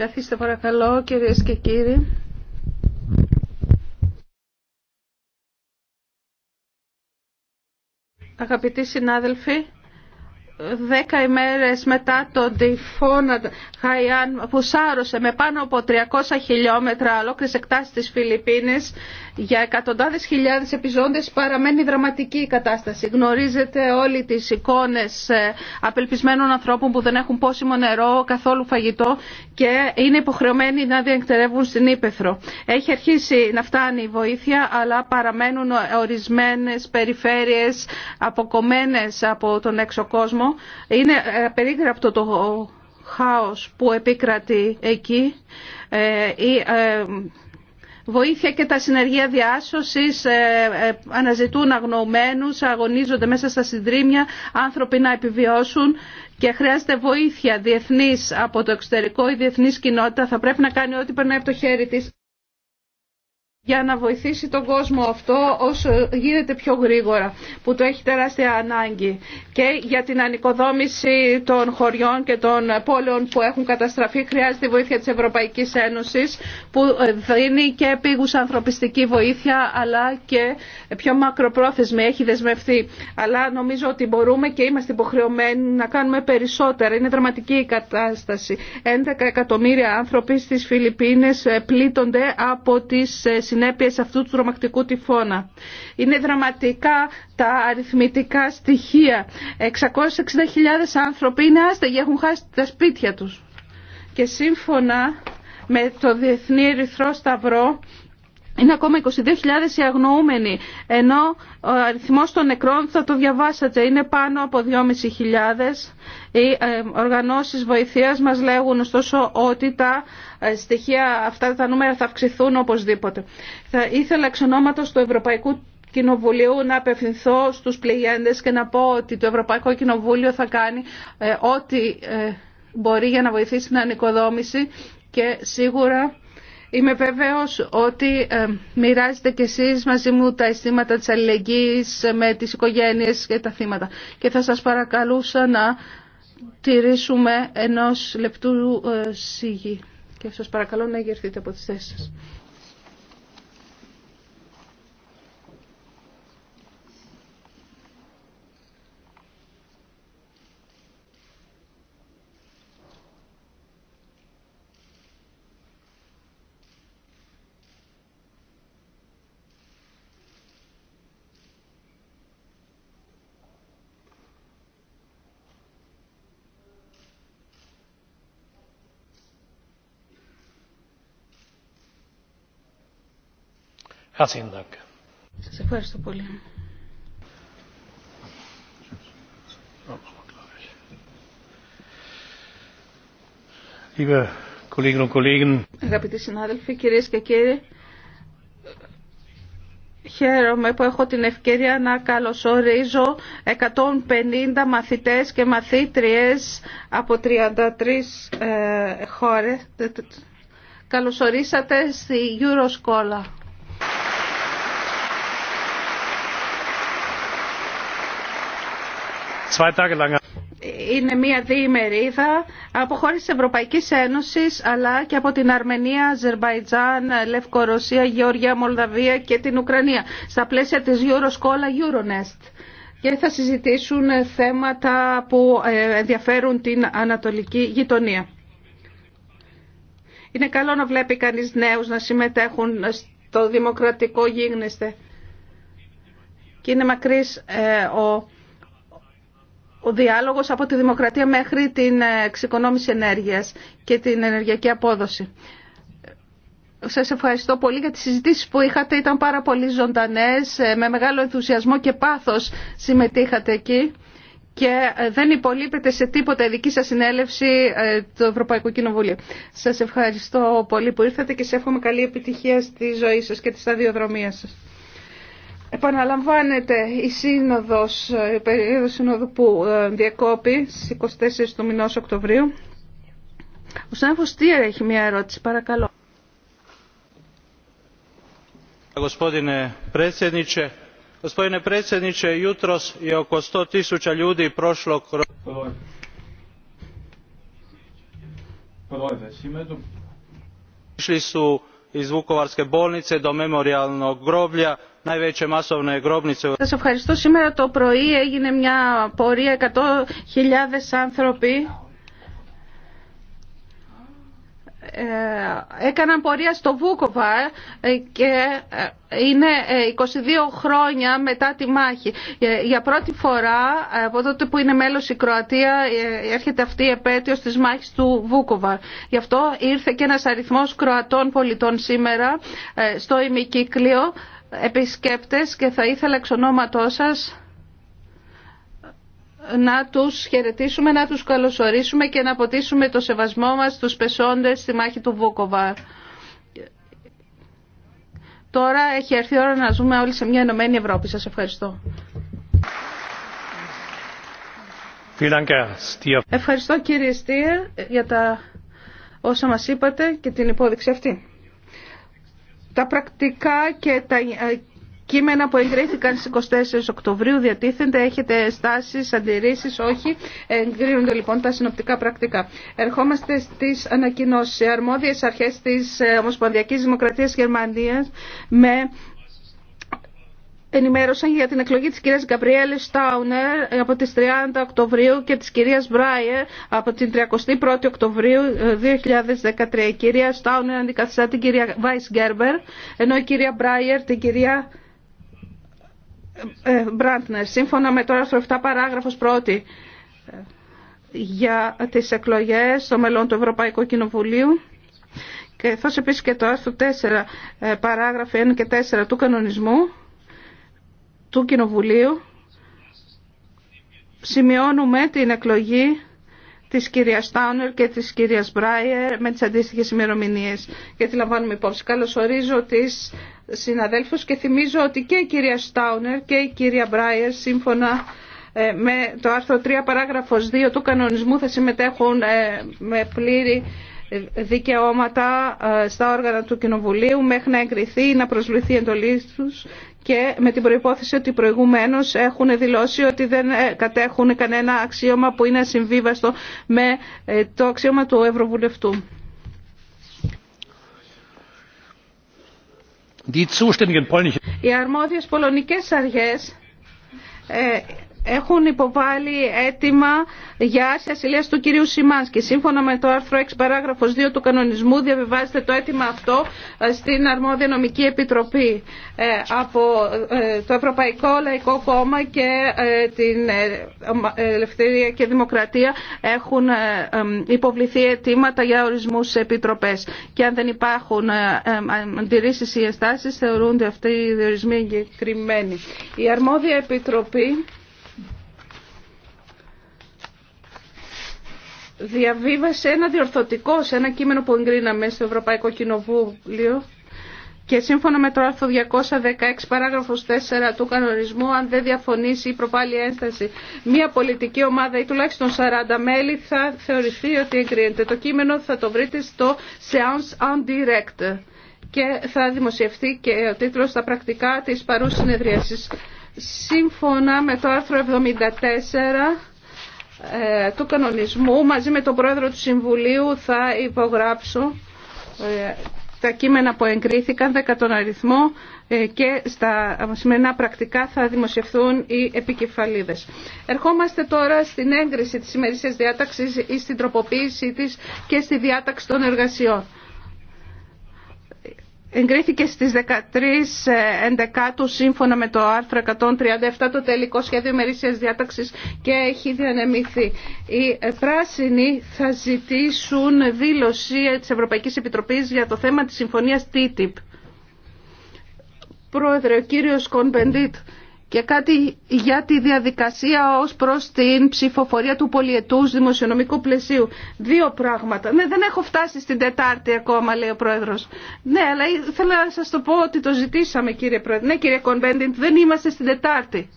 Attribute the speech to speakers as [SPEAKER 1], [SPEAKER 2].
[SPEAKER 1] Καθίστε παρακαλώ κυρίες και κύριοι. Αγαπητοί συνάδελφοι, δέκα ημέρες μετά τον τυφώνα Χαϊάν που σάρωσε με πάνω από 300 χιλιόμετρα ολόκληρες εκτάσεις της Φιλιππίνης για εκατοντάδες χιλιάδες επιζώντες παραμένει δραματική η κατάσταση. Γνωρίζετε όλοι τις εικόνες ε, απελπισμένων ανθρώπων που δεν έχουν πόσιμο νερό, καθόλου φαγητό και είναι υποχρεωμένοι να διεκτερεύουν στην Ήπεθρο. Έχει αρχίσει να φτάνει η βοήθεια αλλά παραμένουν ορισμένες περιφέρειες αποκομμένες από τον έξω κόσμο είναι ε, περίγραπτο το χάος που επικρατεί εκεί. Ε, η ε, βοήθεια και τα συνεργεία διάσωσης αναζητούν αγνοωμένους, αγωνίζονται μέσα στα συντρίμια, άνθρωποι να επιβιώσουν και χρειάζεται βοήθεια διεθνής από το εξωτερικό. Η διεθνής κοινότητα θα πρέπει να κάνει ό,τι περνάει από το χέρι της για να βοηθήσει τον κόσμο αυτό όσο γίνεται πιο γρήγορα που το έχει τεράστια ανάγκη και για την ανοικοδόμηση των χωριών και των πόλεων που έχουν καταστραφεί χρειάζεται η βοήθεια της Ευρωπαϊκής Ένωσης που δίνει και επίγουσα ανθρωπιστική βοήθεια αλλά και πιο μακροπρόθεσμη έχει δεσμευτεί αλλά νομίζω ότι μπορούμε και είμαστε υποχρεωμένοι να κάνουμε περισσότερα είναι δραματική η κατάσταση 11 εκατομμύρια άνθρωποι στις Φιλιππίνες πλήττονται από τις συνέπειες αυτού του τρομακτικού τυφώνα. Είναι δραματικά τα αριθμητικά στοιχεία. 660.000 άνθρωποι είναι άστεγοι, έχουν χάσει τα σπίτια τους. Και σύμφωνα με το Διεθνή Ερυθρό Σταυρό είναι ακόμα 22.000 οι αγνοούμενοι, ενώ ο αριθμός των νεκρών θα το διαβάσατε, είναι πάνω από 2.500. Οι ε, οργανώσεις βοηθείας μας λέγουν ωστόσο ότι τα ε, στοιχεία αυτά τα νούμερα θα αυξηθούν οπωσδήποτε. Θα ήθελα εξ ονόματος του Ευρωπαϊκού Κοινοβουλίου να απευθυνθώ στους πληγέντες και να πω ότι το Ευρωπαϊκό Κοινοβούλιο θα κάνει ε, ό,τι μπορεί για να βοηθήσει την ανοικοδόμηση και σίγουρα Είμαι βέβαιος ότι ε, μοιράζετε κι εσείς μαζί μου τα αισθήματα της αλληλεγγύης με τις οικογένειες και τα θύματα. Και θα σας παρακαλούσα να τηρήσουμε ενός λεπτού ε, σιγή. Και σας παρακαλώ να γερθείτε από τις θέσεις σας. Herzlichen Σας ευχαριστώ πολύ. Αγαπητοί συνάδελφοι, κυρίες και κύριοι, χαίρομαι που έχω την ευκαιρία να καλωσορίζω 150 μαθητές και μαθήτριες από 33 ε, χώρες. Καλωσορίσατε στη Euroscola. Είναι μια διημερίδα από χώρες τη Ευρωπαϊκής Ένωσης αλλά και από την Αρμενία, Αζερβαϊτζάν, Λευκορωσία, Γεωργία, Μολδαβία και την Ουκρανία στα πλαίσια της Euroscola Euronest και θα συζητήσουν θέματα που ε, ενδιαφέρουν την ανατολική γειτονία. Είναι καλό να βλέπει κανείς νέους να συμμετέχουν το δημοκρατικό γίγνεσθε. Και είναι μακρύς ε, ο, ο διάλογος από τη δημοκρατία μέχρι την ε, εξοικονόμηση ενέργειας και την ενεργειακή απόδοση. Σας ευχαριστώ πολύ για τις συζητήσεις που είχατε. Ήταν πάρα πολύ ζωντανές, ε, με μεγάλο ενθουσιασμό και πάθος συμμετείχατε εκεί και δεν υπολείπεται σε τίποτα η δική σας συνέλευση ε, του Ευρωπαϊκού Κοινοβουλίου. Σας ευχαριστώ πολύ που ήρθατε και σε εύχομαι καλή επιτυχία στη ζωή σας και τη σταδιοδρομία σας. Επαναλαμβάνεται η σύνοδος, η περίοδος σύνοδου που ε, διακόπη στις 24 του μηνός Οκτωβρίου. Ο Σάνφος Τίερ έχει μια ερώτηση, παρακαλώ gospodine predsjednie jutros je oko one hundred tisua ljudi prolo kroz ili su iz vukovarske bolnice do memorijalnog groblja najvee masovne grobnice u europi. Ε, έκαναν πορεία στο Βούκοβα ε, και ε, είναι 22 χρόνια μετά τη μάχη. Για πρώτη φορά από τότε που είναι μέλος η Κροατία έρχεται αυτή η επέτειος της μάχης του Βούκοβα. Γι' αυτό ήρθε και ένας αριθμός Κροατών πολιτών σήμερα στο ημικύκλιο επισκέπτες και θα ήθελα εξ ονόματός σας να τους χαιρετήσουμε, να τους καλωσορίσουμε και να αποτίσουμε το σεβασμό μας στους πεσόντες στη μάχη του Βούκοβα. Τώρα έχει έρθει η ώρα να ζούμε όλοι σε μια ενωμένη Ευρώπη. Σας ευχαριστώ. Ευχαριστώ κύριε Στία για τα όσα μας είπατε και την υπόδειξη αυτή. Τα πρακτικά και τα κείμενα που εγκρίθηκαν στις 24 Οκτωβρίου διατίθενται. Έχετε στάσεις, αντιρρήσεις, όχι. Εγκρίνονται λοιπόν τα συνοπτικά πρακτικά. Ερχόμαστε στις ανακοινώσεις. Οι αρμόδιες αρχές της ε, Ομοσπονδιακής Δημοκρατίας Γερμανίας με ενημέρωσαν για την εκλογή της κυρίας Γκαμπριέλη Στάουνερ από τις 30 Οκτωβρίου και της κυρίας Μπράιερ από την 31 Οκτωβρίου 2013. Ε, η κυρία Στάουνερ αντικαθιστά την κυρία Βάις Γκέρμπερ, ενώ η κυρία Μπράιερ την κυρία ε, ε, Μπραντνερ, σύμφωνα με το άρθρο 7 παράγραφος 1 ε, για τις εκλογές στο μελών του Ευρωπαϊκού Κοινοβουλίου και θα επίσης και το άρθρο 4 παράγραφοι 1 και 4 του κανονισμού του Κοινοβουλίου σημειώνουμε την εκλογή της κυρίας Στάουνερ και της κυρίας Μπράιερ με τις αντίστοιχες ημερομηνίε και τη λαμβάνουμε υπόψη. Καλωσορίζω ορίζω τις συναδέλφους και θυμίζω ότι και η κυρία Στάουνερ και η κυρία Μπράιερ σύμφωνα ε, με το άρθρο 3 παράγραφος 2 του κανονισμού θα συμμετέχουν ε, με πλήρη δικαιώματα ε, στα όργανα του Κοινοβουλίου μέχρι να εγκριθεί ή να προσβληθεί εντολή τους και με την προϋπόθεση ότι προηγουμένως έχουν δηλώσει ότι δεν ε, κατέχουν κανένα αξίωμα που είναι συμβίβαστο με ε, το αξίωμα του Ευρωβουλευτού. Οι αρμόδιες πολωνικές αργές ε, έχουν υποβάλει αίτημα για άρση ασυλίας του κυρίου και Σύμφωνα με το άρθρο 6 παράγραφος 2 του κανονισμού διαβιβάζεται το αίτημα αυτό ε, στην Αρμόδια Νομική Επιτροπή ε, από ε, το Ευρωπαϊκό Λαϊκό Κόμμα και την Ελευθερία και Δημοκρατία έχουν υποβληθεί αιτήματα για ορισμούς σε επιτροπές. Και αν δεν υπάρχουν αντιρρήσεις ή ενστάσεις θεωρούνται αυτοί οι διορισμοί εγκεκριμένοι. Η αρμόδια επιτροπή διαβίβασε ένα διορθωτικό σε ένα κείμενο που εγκρίναμε στο Ευρωπαϊκό Κοινοβούλιο και σύμφωνα με το άρθρο 216 παράγραφος 4 του κανονισμού αν δεν διαφωνήσει η προπάλλη ένσταση μια πολιτική ομάδα ή τουλάχιστον 40 μέλη θα θεωρηθεί ότι εγκρίνεται. Το κείμενο θα το βρείτε στο Seance on Direct και θα δημοσιευτεί και ο τίτλος στα πρακτικά της παρούς συνεδρίασης. Σύμφωνα με το άρθρο 74 ε, του κανονισμού μαζί με τον Πρόεδρο του Συμβουλίου θα υπογράψω ε, τα κείμενα που εγκρίθηκαν, δέκα τον αριθμό ε, και στα σημερινά πρακτικά θα δημοσιευθούν οι επικεφαλίδες. Ερχόμαστε τώρα στην έγκριση της σημερινής διάταξης ή στην τροποποίησή της και στη διάταξη των εργασιών. Εγκρίθηκε στις 13.11 σύμφωνα με το άρθρο 137 το τελικό σχέδιο ημερήσιας διάταξης και έχει διανεμηθεί. Οι πράσινοι θα ζητήσουν δήλωση της Ευρωπαϊκής Επιτροπής για το θέμα της συμφωνίας TTIP. Πρόεδρε, ο κύριος Κονπεντήτ, και κάτι για τη διαδικασία ως προς την ψηφοφορία του πολιετούς δημοσιονομικού πλαισίου. Δύο πράγματα. Ναι, δεν έχω φτάσει στην Τετάρτη ακόμα, λέει ο Πρόεδρος. Ναι, αλλά ήθελα να σας το πω ότι το ζητήσαμε, κύριε Πρόεδρε. Ναι, κύριε Κονβέντιντ, δεν είμαστε στην Τετάρτη.